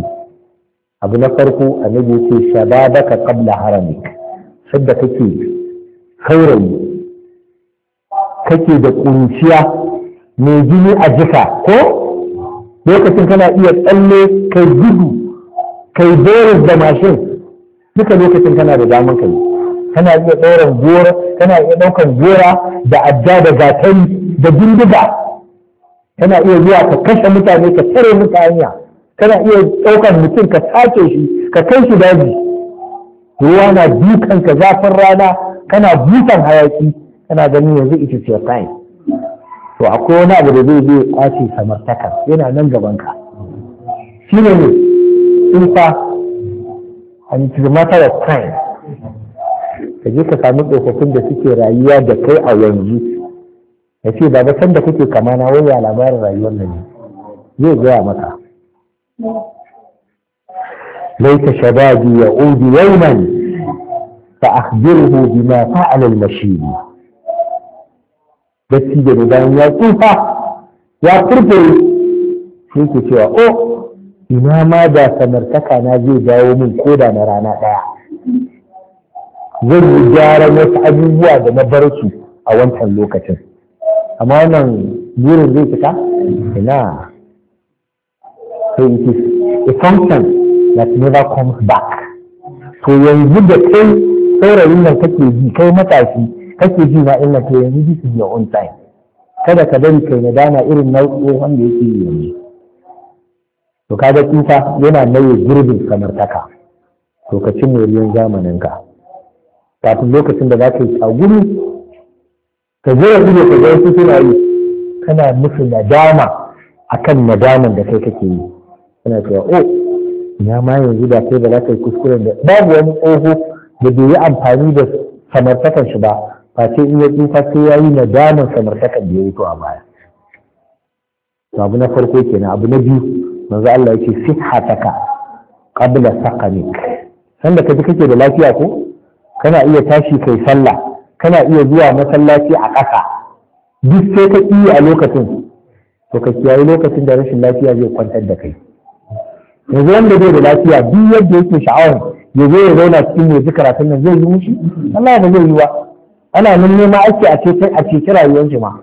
abu na farko a ya ce shababaka qabla haramik sadda kake saurayi kake da kunciya mai jini a jika ko lokacin kana iya tsalle kai gudu kai boris da mashin duka lokacin kana da daman kai kana iya ɗaukan gora kana iya ɗaukan gora da adda da gatari da bindiga kana iya zuwa ka kashe mutane ka tsare muka hanya kana iya ɗaukar mutum ka sace shi ka kai shi daji ruwa na dukan ka zafin rana kana dukan hayaki kana ganin yanzu ita ce kai to akwai wani abu da zai zo kwace samartaka yana nan gaban ka shi ne ne in fa an ci mata da ka je ka samu tsofaffin da suke rayuwa da kai a yanzu ya ce baba can da kuke kama na waya labarin rayuwar nan ne zai gaya maka laita shababi ya udi yawman fa akhbirhu bima fa'ala al-mashidi dattijo da bayan ya tsufa ya furfe shi ke cewa oh ina ma da samartaka na zai dawo min koda na rana ɗaya zan yi gyaran wasu abubuwa da na bar su a wancan lokacin amma wannan burin zai fita ina so it is a function that never comes back to yanzu da kai saurayin nan kake ji kai matashi kake ji na illa to yanzu this is your own time kada ka bari kai na dana irin nau'i wanda yake yi yanzu to kaga tsufa yana naye gurbin samartaka to ka ci zamanin zamaninka kafin lokacin da za ka yi gudu. ka jira ido ka ga wasu suna yi kana musu nadama akan nadaman da kai kake yi kana cewa o oh, ya ma yanzu da kai ba za ka yi kuskuren da babu wani tsoho da bai yi amfani da samartakan shi ba face in ya tsufa sai ya yi nadaman samartakan da ya wuto a baya abu na farko kenan abu na biyu manzo Allah yake sihhataka qabla saqamik sanda ka ji kake da lafiya ko kana iya tashi kai sallah kana iya zuwa masallaci a ƙasa duk sai ka yi a lokacin to ka kiyaye lokacin da rashin lafiya zai kwantar da kai yanzu wanda zai da lafiya duk yadda yake sha'awar ya zo ya zauna cikin mai karatun nan zai yi mushi Allah ba zai yi ba ana nan nema ake a cikin a cikin rayuwar jama'a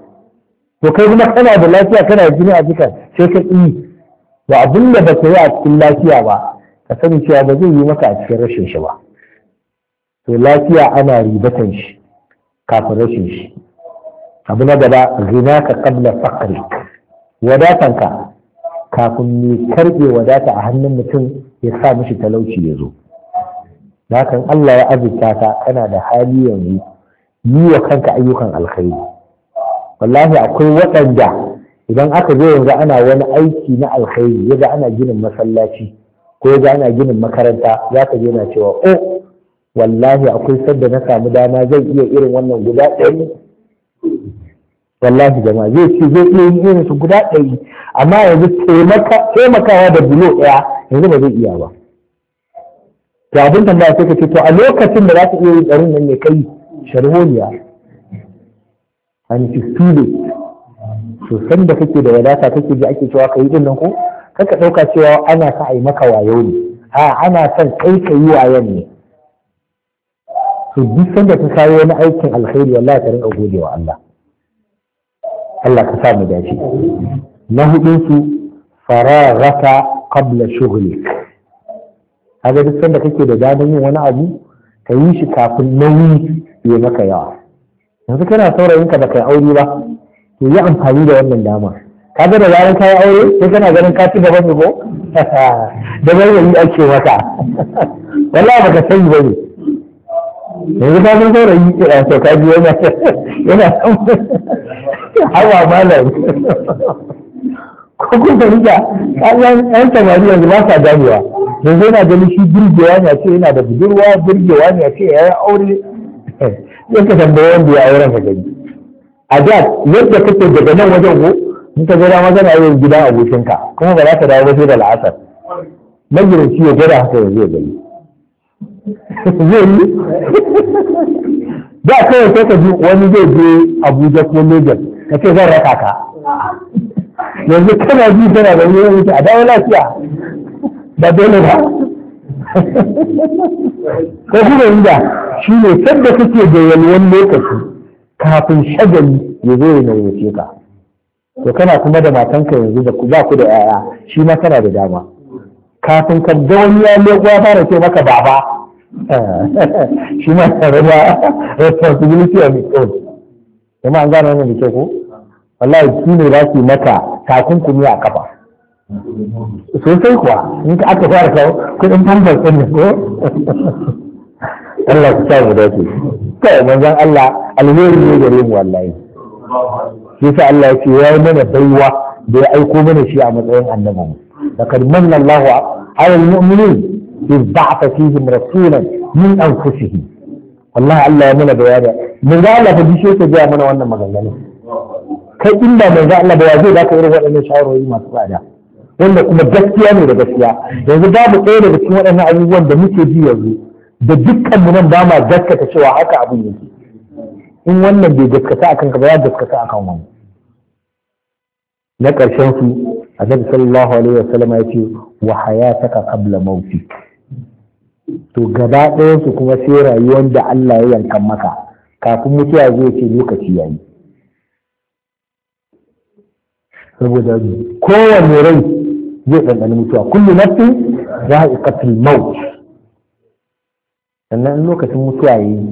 to kai kuma kana da lafiya kana da jini a jikin sai ka yi to abin da ba ka yi a cikin lafiya ba ka sani cewa ba zai yi maka a cikin rashin shi ba to lafiya ana ribatan shi kafin rashin shi abu na gaba zina ka kabla fakari wadatanka kafin mai karbe wadata a hannun mutum ya sa mishi talauci ya zo hakan Allah ya azurta ka kana da hali yanzu yi wa kanka ayyukan alkhairi wallahi akwai waɗanda idan aka zo yanzu ana wani aiki na alkhairi yaga ana ginin masallaci ko yaga ana ginin makaranta za ka je na cewa oh wallahi akwai sanda na samu dama zai iya irin wannan guda ɗaya wallahi jama'a zai ce zai iya yin irin su guda ɗaya amma yanzu taimakawa da bulo ɗaya yanzu ba zai iya ba to abin tambaya sai ka ce to a lokacin da za ka iya yin tsarin nan ne kai sharholiya an ci sule to san da kake da wadata kake ji ake cewa kai din nan ko kaka ɗauka cewa ana sa a yi maka wayo ne a ana son kai ka yi wayon ne to duk sanda ka kawo wani aikin alkhairi wallahi ka rinka gode wa Allah Allah ka sa dace na hudun su fararaka qabla shughlik kaga duk sanda kake da damar yin wani abu ka yi shi kafin nauyi ya maka yawa yanzu kana saurayin ka baka aure ba to yi amfani da wannan dama kaga da zaran yi aure sai kana ganin ka ci ne ko (laughs) da bai yi ake maka (laughs) wallahi baka sani ne. yanzu ba san saurayi kira to ka ji yana yana hawa malam ko kun riga kayan yan samari yanzu ba sa ganewa yanzu yana ganin shi birgewa ne a ce yana da budurwa birgewa ne a ce ya yi aure ka tambaye wanda ya auren ka gani a da yadda kake daga nan wajen ko in ka gada magana yau gidan abokinka kuma ba za ka dawo ba sai da la'asar shi ya gwada haka yanzu ya gani zai yi da kawai sai ka ji wani zai je abuja ko lagos ka ce zan raka ka yanzu kana ji tana da wani wuce a dawo lafiya ba dole ba ko kuma inda shi ne sadda kake da yalwan lokaci kafin shagali ya zo ya nauyace ka to kana kuma da matanka yanzu da ba ku da yaya shi ma kana da dama kafin ka ga wani ya lokwa fara ce maka baba Eh, (laughs) shi ma tare da responsibility of his own kuma an gane wannan da ke ko wallahi shi ne za su yi maka takunkumi a kafa sosai kuwa in ka aka fara kawo kudin famfar ɗin ne ko Allah ku samu dace kai manzon Allah alheri ne gare mu wallahi shi sa Allah ya ce ya yi mana baiwa da ya aiko mana shi a matsayin annabin Da manna Allahu ala al-mu'minin إذ بعث فيهم رسولا من أنفسهم والله الله يمنى بيانا من ذا الله فدي شيء تجاه منا وانا مغلنا kai inda mai za Allah ba zai baka irin waɗannan shawarwari masu tsada wanda kuma gaskiya ne da gaskiya yanzu babu ɗaya daga cikin waɗannan abubuwan da muke ji yanzu da dukkan nan ba ma gaskata cewa haka abin yake in wannan bai gaskata akan ka ba ya gaskata akan wani na ƙarshen su annabi sallallahu alaihi ya ce wa hayataka qabla mautik to gaba ɗayan su kuma sai rayuwar da Allah ya yankan maka kafin mutuwa zai ce lokaci yayi saboda kowane rai zai ɗanɗani mutuwa kullum za a za'iqatul maut sannan lokacin mutuwa yayi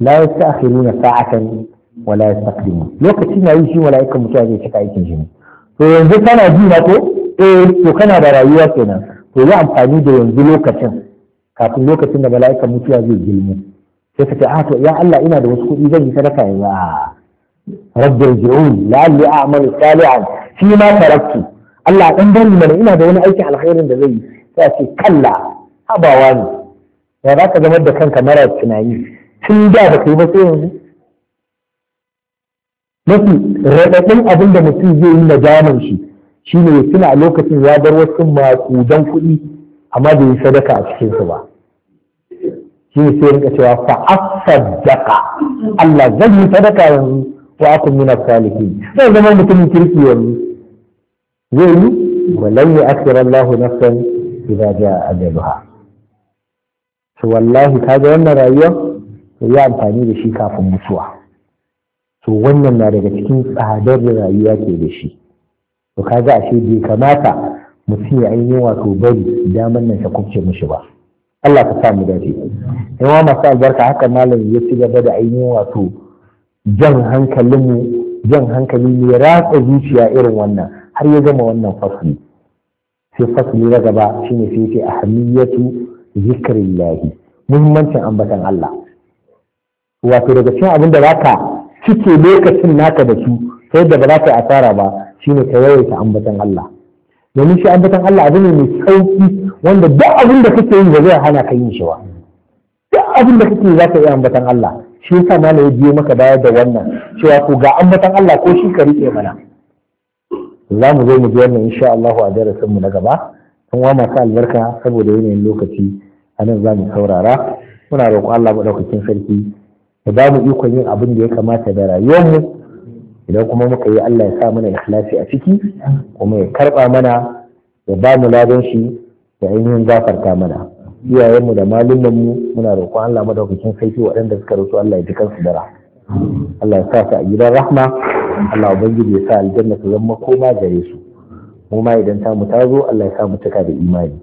la nuna sa'atan ya la yastaqdimun lokacin na yi shi mala'ikan mutuwa zai cika aikin shi to yanzu kana ji na ko eh to kana da rayuwa kenan to yi amfani da yanzu lokacin kafin lokacin da mala'ikan mutuwa zai gilmu sai ka ce a ah, to ya Allah ina da wasu kuɗi zan yi sadaka yanzu a ah, rabbi ji'un la'alli a'malu salihan shi ma taraktu Allah dan bari mana ina da wani aikin alkhairin da zai yi sai ce kalla abawa ne ya za ka zama da kanka mara tunani tun da ba kai ba sai yanzu mafi raɗaɗin abin da mutum zai yi na jaman shi shine ya tuna a lokacin ya bar wasu maƙudan kuɗi amma bai yi sadaka a cikin su ba shi ne sai rinka cewa fa asaddaqa Allah zan yi sadaka yanzu wa akun min salihin sai zama mutumin kirki yanzu zai yi walan ya akhira Allahu nafsan idza jaa ajaluha to wallahi kaga wannan rayuwa to ya amfani da shi kafin mutuwa to wannan na daga cikin tsadar da rayuwa ke da shi to kaga ashe bai kamata mutum ya ainihin wato bari daman nan ta kubce mishi ba Allah ka sa mu dace yawa masu albarka haka malam ya ci gaba da ainihin wato jan hankalinmu jan hankali ne ratsa zuciya irin wannan har ya gama wannan fasli sai fasli na gaba shine sai ce ahamiyatu zikrillahi muhimmancin ambatan Allah wato daga cikin abin da zaka cike lokacin naka da su sai da ba za ka yi asara ba shine ka yawaita ambatan Allah domin shi ambatan Allah abu ne mai sauki wanda duk abin da kake yi ba zai hana ka yin shi ba duk abin da kake za ka yi ambatan Allah shi yasa na ya biyo maka baya da wannan cewa ko ga ambatan Allah ko shi ka rike mana za mu zo mu ji wannan insha Allah a darasin mu na gaba kun wa masu albarka saboda yanayin lokaci a nan za mu saurara muna roƙon Allah maɗaukakin sarki ya ba mu ikon yin abin da ya kamata da rayuwarmu idan kuma muka yi Allah ya sa mana ikhlasi a ciki kuma ya karba mana ya ba mu ladan shi da ainihin gafarta mana iyayenmu da malumin mu muna roƙon Allah madaukakin sarki waɗanda suka rasu Allah ya ji kansu dara Allah ya sa su a gidan rahma Allah ubangiji ya sa aljanna ta zama koma gare su mu ma idan ta mu ta zo Allah ya sa mu cika da imani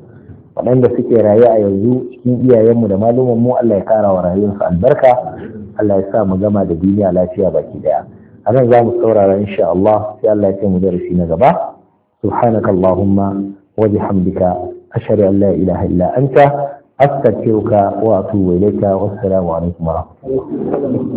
waɗanda suke raye a yanzu cikin iyayenmu da malumin mu Allah ya kara wa rayuwarsu albarka Allah ya sa mu gama da duniya lafiya baki ɗaya. a nan za mu saurara insha Allah sai Allah ya mu darasi na gaba subhanaka allahumma wa bihamdika ashhadu an la ilaha illa anta astaghfiruka wa atubu ilayka wassalamu alaikum wa rahmatullahi